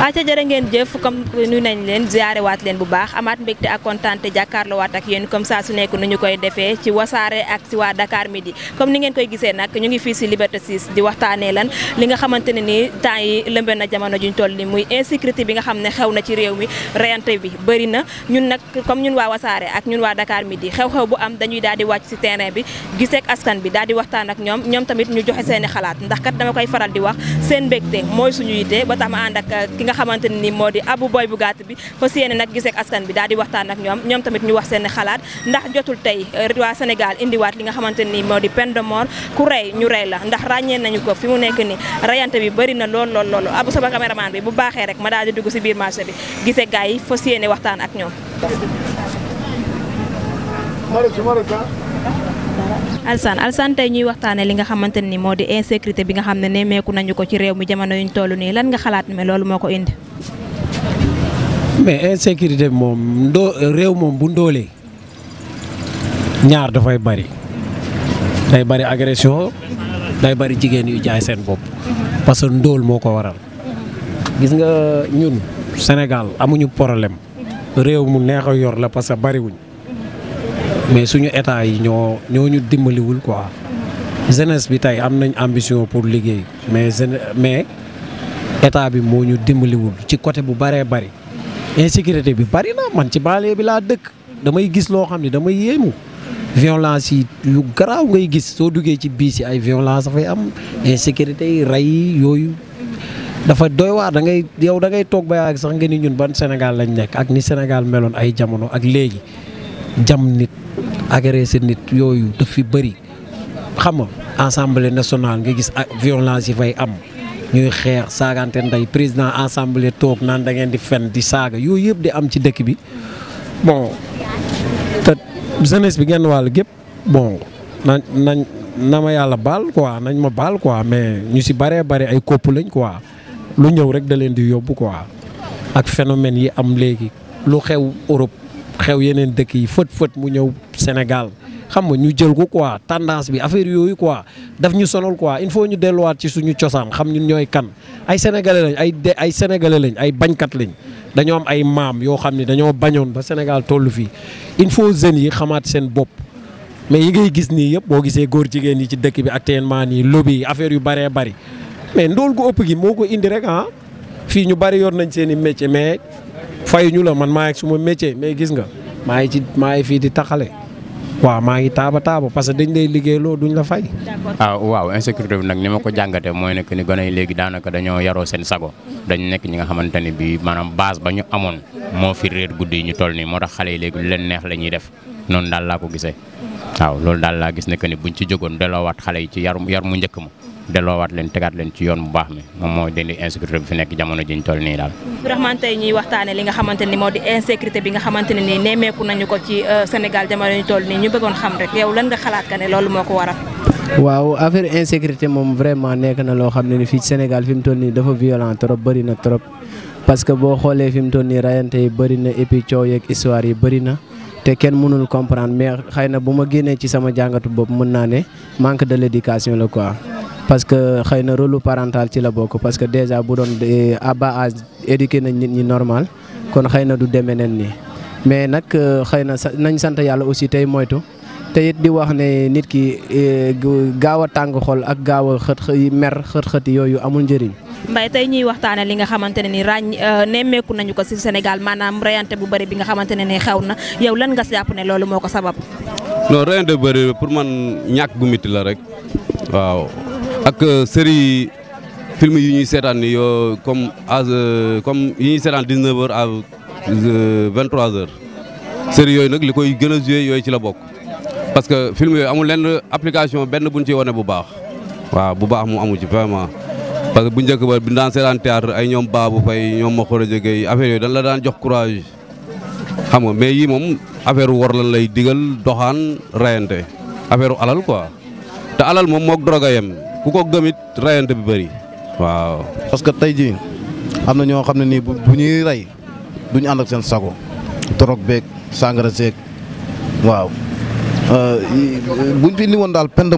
aca jërë ngeen jëf comme nu nañ leen ziare waat leen bu baax amaat mbégte ak kontaante jàkkaarloowaat ak yéen comme saa su nekk nu ñu koy defee ci wasaare ak si waa Dakar midi comme ni ngeen koy gisee nag ñu ngi fii si Liberté 6 di waxtaanee lan li nga xamante ne ni temps yi lëmbe na jamono juñ toll ni muy insécurité bi nga xam ne xew na ci réew mi reyante bi bëri na ñun nag comme ñun waa wasaare ak ñun waa Dakar midi xew-xew bu am dañuy daal di wàcc si terrain bi giseek askan bi daal di waxtaan ak ñoom ñoom tamit ñu joxe seen xalaat ndax kat dama koy faral di wax seen mbégte mooy suñu nga xamante ne ni moo di Abou Boy bu gàtt bi fas yéene nag gisee ak askan bi daal di waxtaan ak ñoom ñoom tamit ñu wax seen xalaat ndax jotul tey euh, waa Sénégal indiwaat li nga xamante ne ni moo di pen de mort ku rey ñu rey la ndax ràññee nañu ko fi mu nekk ni rayante bi bëri na lool lool lool Abou sama caméraman bi bu baaxee rek ma daal di dugg si biir marché bi gisee gars yi fas waxtaan ak ñoom Alsaan Alsaan tey ñuy waxtaane li nga xamante ni moo di insécurité bi nga xam ne nemmeeku nañu ko ci réew mi jamono ñu toll nii lan nga xalaat ne loolu moo ko indi. mais insécurité bi moom ndoo réew moom bu ndoolee ñaar dafay bari day bari agression day bari jigéen yu jaay seen bopp parce que ndóol moo ko waral gis nga ñun Sénégal amuñu problème réew mu neex yor la parce que bariwuñ. mais suñu état yi ñoo ñoo ñu dimbaliwul quoi jeunesse bi tey am nañ ambition pour liggéey mais mais état bi moo ñu dimbaliwul ci côté bu baree bari insécurité bi bëri na man ci bale bi laa dëkk damay gis loo xam ne damay yéemu violence yu garaaw ngay gis soo duggee ci biis yi ay violence dafay am insécurité yi rey yi yooyu dafa doy waar da ngay yow da ngay toog ba ak sax nga ni ñun ban Sénégal lañ nekk ak ni Sénégal meloon ay jamono ak léegi jam nit agressé nit yooyu daf fi bëri xam nga assemblée nationale nga gis violence yi fay am ñuy xeex saagante nday président assemblée toog naan da ngeen di fen di saaga yooyu yëpp di am ci dëkk bi bon te jeunesse bi ngeen wàll gépp bon nañ nañ na ma yàlla baal quoi nañ ma baal quoi mais ñu si baree bare ay kopp lañ quoi lu ñëw rek da leen di yóbbu quoi ak phénomène yi am léegi lu xew Europe. xew yeneen dëkk yi fët fët mu ñëw Sénégal xam nga ñu jël ko quoi tendance bi affaire yooyu quoi daf ñu sonal quoi il faut ñu delluwaat ci suñu cosaan xam ñun ñooy kan ay sénégalais lañ ay de ay sénégalais lañ ay bañkat lañ dañoo am ay maam yoo xam ne dañoo bañoon ba Sénégal tollu fii il faut jeunes yi xamaat seen bopp. mais yi ngay gis nii yëpp boo gisee góor jigéen yi ci dëkk bi actuellement nii lobby yi affaire yu bëree bëri mais ndool gu ëpp gi moo ko indi rek ah fii ñu bëri yor nañ seen i métier mais fayuñu la man maa ngi suma métier mais gis nga maa ngi ci maa ngi fii di taxale waaw maa ngi taaba taaba parce que dañ lay liggéeyloo duñ la fay. ah waaw insécurité bi nag ni ma ko jàngatee mooy nekk ni gone yi léegi daanaka dañoo yaroo seen sago dañ nekk ñi nga xamante ni bii maanaam base ba ñu amoon moo fi réer guddi yi ñu toll nii moo tax xale yi léegi lu leen neex la ñuy def noonu daal laa ko gisee waaw loolu daal laa gis ne que ni buñ ci jógoon delloowaat xale yi ci yar yar mu njëkk ma. delloowaat leen tegaat leen ci yoon bu baax mi moom mooy dindi insécurité bi fi nekk jamono ji ñu toll nii daal. Abdourahmane tey ñuy waxtaane li nga xamante ni moo di insécurité bi nga xamante ne nii nemmeeku nañu ko ci euh, Sénégal jamono ñu toll nii ñu bëggoon xam rek yow lan nga xalaat ka ne loolu moo ko waral. waaw affaire insécurité moom vraiment nekk na loo xam ne ni fii Sénégal fi mu toll nii dafa violent trop bëri na trop parce que boo xoolee fi mu toll nii rayante yi bëri na et puis coow yi bëri na. te kenn mënul comprendre mais xëy na bu ma génnee ci sama jàngatu bopp mën naa ne manque de l'éducation la quoi. parce que xëy na rôle parental ci la bokk parce que déjà bu doon eh, à bas âge éduqué nañ nit ñi normal kon xëy na du demee neen nii mais nag euh, xëy na nañ sant yàlla aussi tey moytu te it di wax ne nit ki eh, gaaw a tàng xol ak gaaw a xët mer xët-xët yooyu amul njëriñ. Mbaye tey ñuy waxtaane li nga xamante ne ni ràññ euh, nemmeeku nañu ko ci Sénégal maanaam reyante bu bëri bi nga xamante ne ni xew na yow lan nga jàpp ne loolu moo ko sabab. non reyante bu bëri pour man ñàk gu miti la rek ak euh, série film yi ñuy seetaan ni comme as euh, comme yi ñuy seetaan 19h à 23 euh, yooyu nag li koy gën a joué yooyu ci la bokk parce que film yooyu amul lenn application benn bu buñ ci wane bu baax waaw bu baax mu amu ci vraiment parce que bu njëkk ba bi daan seetaan théâtre ay ñoom Babou Faye ñoom Makhoro Diagué affaire yooyu dañ la daan jox courage xam nga mais yii moom affaire war lan lay digal doxaan rayante affaire alal quoi te alal moom moog droga yem ku ko gëmit rayante bi bëri waaw. parce que tey jii am na ñoo xam ne nii bu bu ñuy rey du ñu ànd ak seen sago torog beeg sangara seeg waaw euh, buñ fi indi woon daal peine de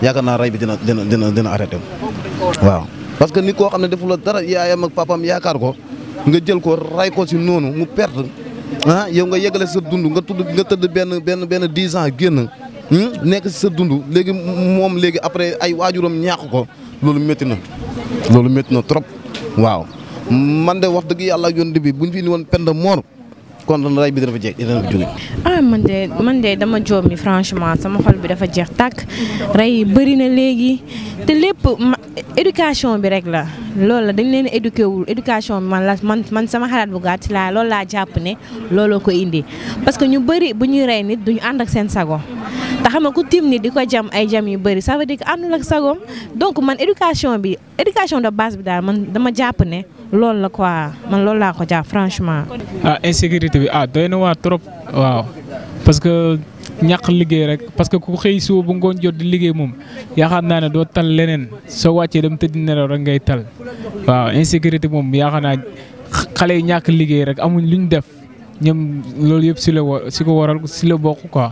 yaakaar naa rey bi dina dina dina dina arrêté waaw. parce que nit koo xam ne deful la dara yaayam ak papaam yaakaar ko nga jël ko ray ko si noonu mu perte ah yow nga yegale sa dund nga tudd nga tëdd benn benn benn dix ans génn. Hmm? nekk si sa dund léegi moom léegi après ay waajuram ñàkk ko loolu métti na loolu métti na trop waaw man de wax dëgg yàlla ak yonent bi ñu fi indi woon peine de mort kon ray bi dina fa jeex dina fa jóge. ah man de man de dama joom mi franchement sama xol bi dafa jeex tàkk rey yi bëri na léegi te lépp ma éducation bi rek la loolu la dañ leen éduqué wul éducation bi man la man man sama xalaat bu gàtt laa lool laa jàpp ne looloo ko indi parce que ñu bëri bu ñuy rey nit duñu ànd ak seen sago. te xam nga ku tiim nii di ko jam ay jam yu bëri ça veut dire que àndul ak donc man éducation bi éducation de base bi daal man dama jàpp ne loolu la quoi man loolu laa ko jàpp franchement. ah insécurité bi ah doy na waa trop waaw parce que ñàq liggéey rek parce que ku xëy suba bu ngoon jot di liggéey moom yaakaar naa ne doo tal leneen soo wàccee dem tëdd nelaw rek ngay tal waaw insécurité moom yaakaar naa xale yi ñàkk liggéey rek amuñ luñ def ñoom loolu yëpp si la si ko waral si la bokk quoi.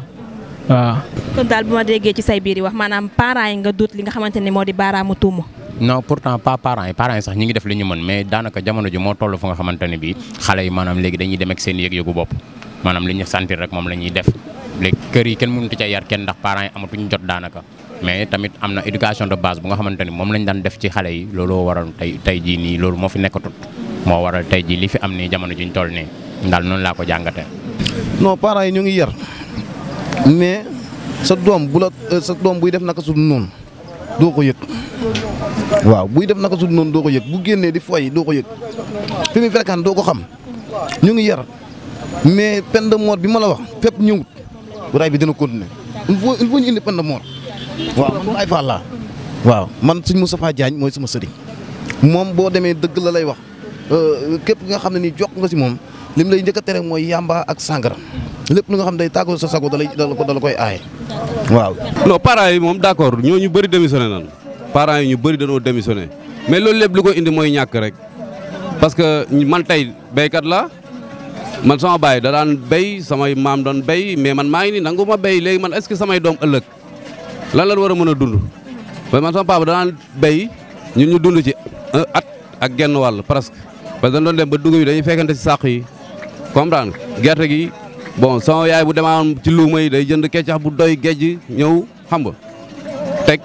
waaw. kon daal bu ma déggee ci say biir yi wax maanaam parents yi nga dut li nga xamante ne moo di baaraamu tuuma. non pourtant pas parents yi parents yi sax ñi ngi def li ñu mën mais daanaka jamono ji moo toll fu nga xamante ne bii xale yi maanaam léegi dañuy dem ak seen yëg-yëgu bopp maanaam li rek moom la ñuy def léegi kër yi kenn mënut ca kenn ndax parents yi amatuñu daanaka. mais tamit am na éducation de base bu nga xamante ni moom lañ daan def ci xale yi looloo waral tey tey jii nii loolu moo fi nekkatut moo waral tey jii li fi am nii jamono ñu toll nii daal noonu laa ko jàngatee. non parents yi ñu ngi yar mais sa doom bu la euh, sa doom buy def naka su noonu doo ko yëg waaw buy def naka su noonu doo ko yëg bu génnee di fooy doo ko yëg fi muy fekkaan doo ko xam ñu ngi yar mais peine de bi ma la wax fépp ñëwut raay bi dina continuer il faut il faut ñu indi peine de waaw man Baye Fall laa waaw man suñ Moustapha Diagne mooy sama sëriñ moom boo demee dëgg la lay wax euh, képp nga xam ne nii jox nga si moom lim lay njëkk a mooy yàmba ak sàngara lépp lu nga xam day tàggoo sa sago dalay dala ko dala koy aaye waaw. non parents yi moom d' ñoo ñu bëri démissionné nañu parents yi ñu bëri dañoo démissionné mais loolu lépp lu ko indi mooy ñàkk rek parce que man tey béykat la man sama baay da daan béy samay maam doon béy mais man maa ngi nii nangu ma béy léegi man est-ce que samay doom ëllëg lan la war a mën a dund ba man sama papa da daan béy ñun ñu dund ci euh, at ak genn wàll presque parce que dañ doon dem ba dugub yi dañuy fekkante ci yi. comprendre gerte gi bon sama yaay bu demaan ci luuma yi day jënd keccax bu doy gejj ñëw xam nga teg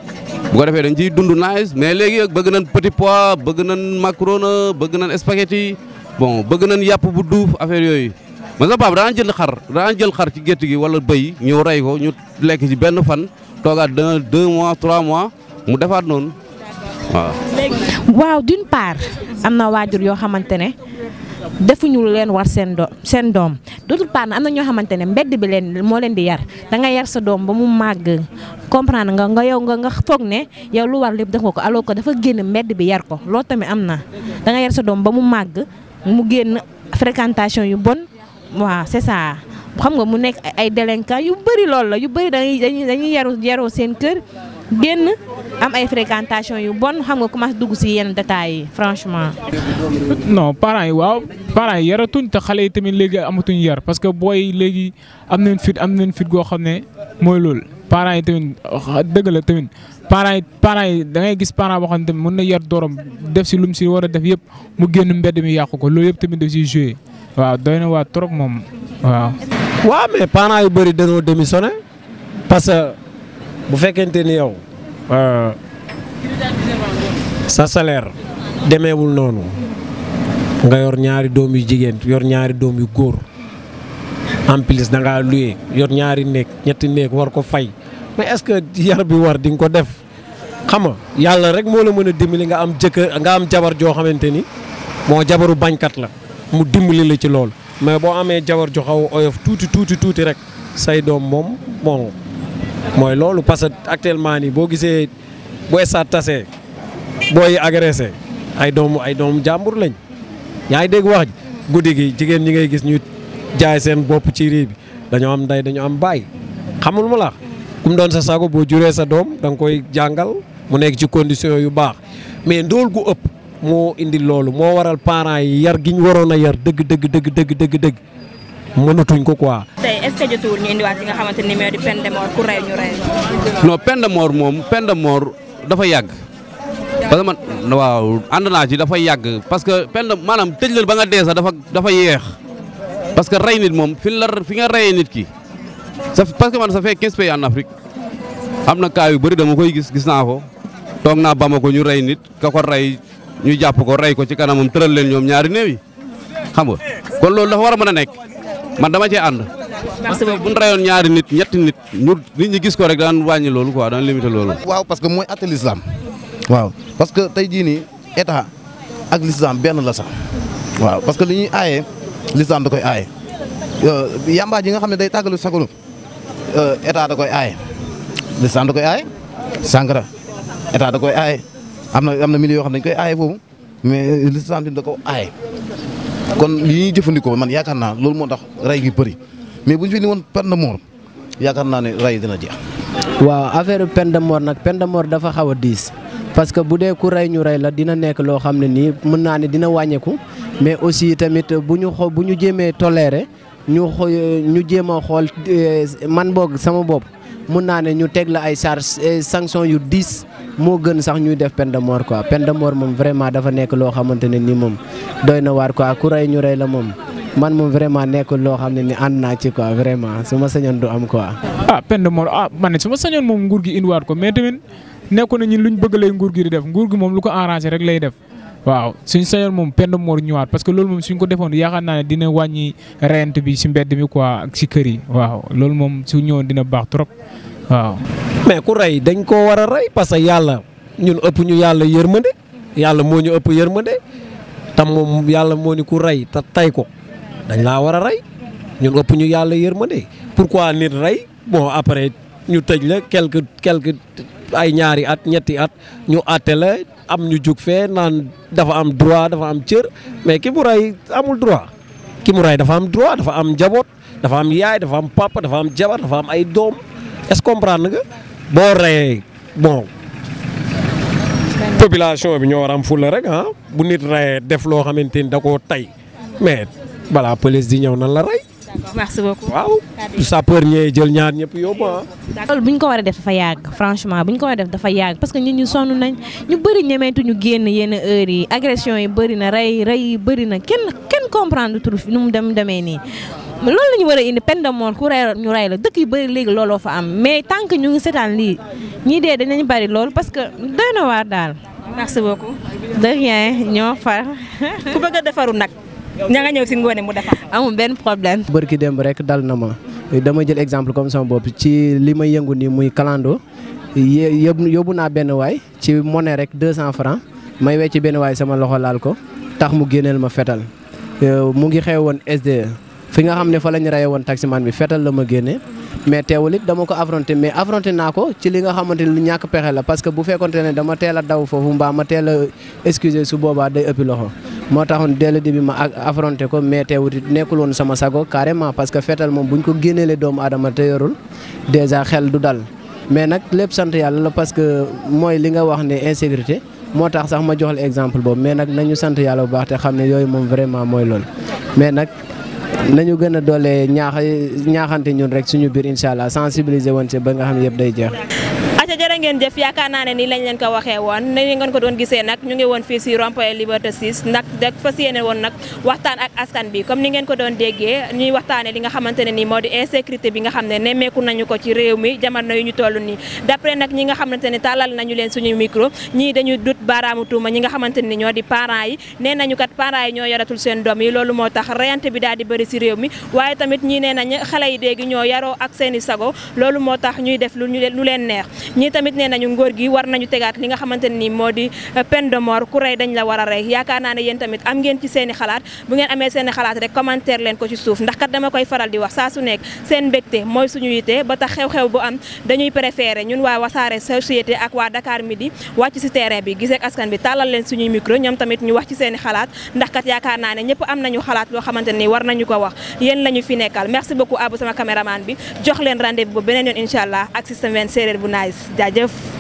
bu defee dañ ciy dund nice mais léegi bëgg nañ petit pois bëgg nañ macaroni bëgg nañ spaghetti bon bëgg nañ yàpp bu duuf affaire yooyu man sa papa daan jël xar daan jël xar ci gétt gi wala bëy ñu rey ko ñu lekk ci benn fan toogaat deux mois trois mois mu defaat noonu waaw. waaw d'une part am na waajur yoo xamante ne defuñu leen war seen doom seen doom d'autre part am na ñoo xamante ne mbedd bi leen moo leen di yar da nga yar sa doom ba mu màgg comprendre nga nga yow nga nga foog ne yow lu lépp def ko alors que dafa génn mbedd bi yar ko loolu tamit am na da nga sa doom ba mu màgg mu génn fréquentation yu bon waaw c'est ça xam nga mu nekk ay délinquant yu bëri loolu la yu bëri dañuy dañuy dañuy yaru yaroo seen kër génn am ay fréquentation yu bon xam nga commencé dugg si yenn détails yi franchement. non parents yi waaw parents yi yaratuñ te xale yi tamit léegi amatuñ yar parce que booy léegi am nañ fit am nañ fit goo xam ne mooy loolu. parents yi tamit dëgg la tamit parents yi parents yi da ngay gis parent boo xam ne tamit mën na yar dorom def si lu mu si war a def yëpp mu génn mbedd mi yàqu ko loolu yëpp tamit daf siy joué waaw doy na waa trop moom waaw. waaw mais parents yu bëri dañoo démissionné parce que bu fekkente ni yow. Euh, sa salaire demeewul noonu nga yor ñaari doom yu jigéen yor ñaari doom yu góor en plus da ngaa luye yor ñaari néeg ñetti néeg war ko fay mais est-ce que yar bi war di nga ko def xam nga yàlla rek moo la mën a li nga am jëkkër nga am jabar joo xamante ni moo jabaru bañkat la mu dimbali la ci lool mais boo amee jabar ju xaw oyof tuuti tuuti tuuti rek say doom moom bon mooy loolu parce que actuellement nii boo gisee boo estaat tasee booy agressé ay doomu ay doomu jàmbur lañ yaa ngi dégg wax ji guddi gi jigéen ñi ngay gis ñu jaay seen bopp ci rii bi dañoo am ndey dañoo am baay xamul ma la kum doon sa sago boo juree sa doom da nga koy jàngal mu nekk ci condition yu baax mais ndool gu ëpp moo indi loolu moo waral parents yi yar gi ñu waroon a yar dëgg dëgg dëgg dëgg dëgg mënatuñ ko quoi. noo est-ce que jotul ñu indiwaat moom peine dafa yàgg. parce que man waaw ànd naa ci dafa yàgg parce que peine maanaam tëj la ba nga dee dafa dafa yeex parce que rey nit moom fi la fi nga reyee nit ki. sa parce que man ça fait 15 pays en Afrique am na cas yu bëri dama koy gis gis naa ko toog naa ko ñu rey nit ka ko rey ñu jàpp ko rey ko ci kanam tëral leen ñoom ñaari néew xam nga kon loolu dafa war a mën a nekk. man dama cee ànd. parce que bu ñu rayoon ñaari nit ñetti nit ñu ñi gis ko rek daan wàññi loolu quoi daan limité loolu. waaw parce que mooy atte l'islam waaw parce que tey jii nii état ak l'islam benn la sax waaw parce que li ñuy aaye l'islam da koy aaye euh, yamba nga xam ne day tàggalu sagalu euh, état da koy aaye l'islam da koy aaye sangara état da koy aaye am na am na milieu yoo xam ne dañ koy aaye foofu mais l'islam da ko aaye. kon li jëfandikoo man yaakaar naa loolu moo tax rey gi bëri mais bu ñu fi ni woon peine de mort yaakaar naa ne rey dina jeex. waaw affaire peine de mort nag peine de mort dafa xaw a diis parce que bu dee ku rey ñu rey la dina nekk loo xam ne nii mën naa ne dina wàññeeku mais aussi tamit bu ñu xoo bu ñu jéemee toléré ñu ñu jéem a xool eh, man boog sama bopp mun naa ne ñu teg la ay charge eh, sanction yu diis. moo gën sax ñuy def peine de mort quoi peine moom vraiment dafa nekk loo xamante ne ni moom doy na waar quoi ku rey ñu la moom man moom vraiment nekkul loo xam ne ni ànd naa ci quoi vraiment su ma sañoon du am quoi. ah peine de mort ah man su ma sañoon moom nguur gi indiwaat ko mais tamit nekku na ñun luñ bëgg lay nguur gi di def nguur gi moom lu ko arrangé rek lay def. waaw suñ sañoon moom peine de mort ñëwaat parce que loolu moom suñ ko defoon yaakaar naa wàññi rent bi si mbedd mi quoi ak si kër yi waaw loolu moom su ñëwoon dina baax trop. waaw mais ku rey dañ ko war a rey parce que yàlla ñun ëpp ñu yàlla yërmande yàlla moo ñu ëpp yërmande te moom yàlla moo ni ku rey te tay ko dañ laa war a rey ñun ëpp ñu yàlla yërmande pourquoi nit rey bon après ñu tëj la quelque quelque ay ñaari at ñetti at ñu àtte la am ñu jug fee naan dafa am droit dafa am cër mais ki mu rey amul droit ki mu rey dafa am droit dafa am njaboot dafa am yaay dafa am papa dafa am jabar dafa am ay doom est-ce comprendre nga boo reyee bon population bi ñoo war am la rek ah bu nit reyee def loo xamante ni da ko tay mais balaa police di ñëw nan la rey. merci beaucoup waaw. sapeur ñee jël ñaar ñëpp yóbbu ah. loolu bu ñu ko war a def dafa yàgg franchement bu ñu ko war def dafa yàgg parce que nit ñu sonn nañ ñu bëri ñemeetu ñu génn yenn heures yi agression yi bëri na rey rey yi bëri na kenn kenn comprendre tur nu mu dem demee nii. loolu la ñu war a indi peine de mort ku rey ñu rey la dëkk yi bëri léegi looloo fa am mais tant que ñu ngi seetaan lii ñii dee dinañ bari lool parce que doy na waar daal. merci beaucoup. de rien ñoo a defaru nag. ña nga ñëw si ngoone mu defar. amul benn rek dal na ma dama jël exemple comme sama bopp ci li may yëngu nii muy kalando yë yóbbu naa benn waay ci monnaie rek 200 francs may wecc benn waay sama loxo laal ko tax mu génneel ma fetal euh, mu ngi xew woon SDE. fi nga xam ne fa la ñu reye woon taximan bi fetal la ma génne mais teewul it dama ko affronté mais affronté naa ko ci li nga xamante ne lu ñàkk pexe la parce que bu fekkonte ne dama teel daw foofu mbaa ma teel a excusé su boobaa day ëppi loxo moo taxoon dès le début ma affronté ko mais teewul it nekkul woon sama sago carrément parce que fetal moom buñ ko génneelee doomu aadama te yorul dèjà xel du dal mais nag lépp sant yàlla la parce que mooy li nga wax ne insécurité moo tax sax ma jox la exemple boobu mais nag nañu sant yàlla bu baax te xam ne yooyu moom vraiment mooy loolu nañu gën a doole ñaax ñaaxante ñun rek suñu biir incha allah sensibiliser woon ci ba nga xam ne day jeex. ngeen jëf yaakaar naa ne nii lañ leen ko waxee woon ni ngeen ko doon gisee nag ñu ngi woon fii si rond-point Liberté 6 ndax da fas yéene woon nag waxtaan ak askan bi comme ni ngeen ko doon déggee ñuy waxtaane li nga xamante ne nii moo di insécurité bi nga xam ne nemmeeku nañu ko ci réew mi jamono yu ñu toll nii d'après nag ñi nga xamante ne tàllal nañu leen suñu micro ñii dañu dut baaraamu tuuma ñi nga xamante ni ñoo di parent yi nee nañu kat parents yi ñoo yaratul seen doom yi loolu moo tax reyante bi daal di bëri si réew mi waaye tamit ñii nee nañ xale yi déegi ñoo yaroo ak seen i sago loolu moo tax ñuy def lu neex ne nañu ngóor gi war nañu tegaat li nga xamante ne ni moo di euh, peine de mort ku rey dañ la war a rey yaakaar naa ne yéen tamit am ngeen ci seen i xalaat bu ngeen amee seen i xalaat rek commentaire leen ko ci suuf ndax kat dama koy faral di wax saa su nekk seen mbégte mooy suñu yite ba tax xew-xew bu am dañuy préféré ñun waa Wassare société ak waa Dakar Midi wàcc ci terrain bi gisee ak askan bi tàllal leen suñuy micro ñoom tamit ñu wax ci seen xalaat ndax kat yaakaar naa ne ñëpp am xalaat loo xamante ni war nañu ko wax yéen lañu fi nekkal merci beaucoup Abou sama caméraman bi jox leen rendez-vous bu beneen yoon jërëjëf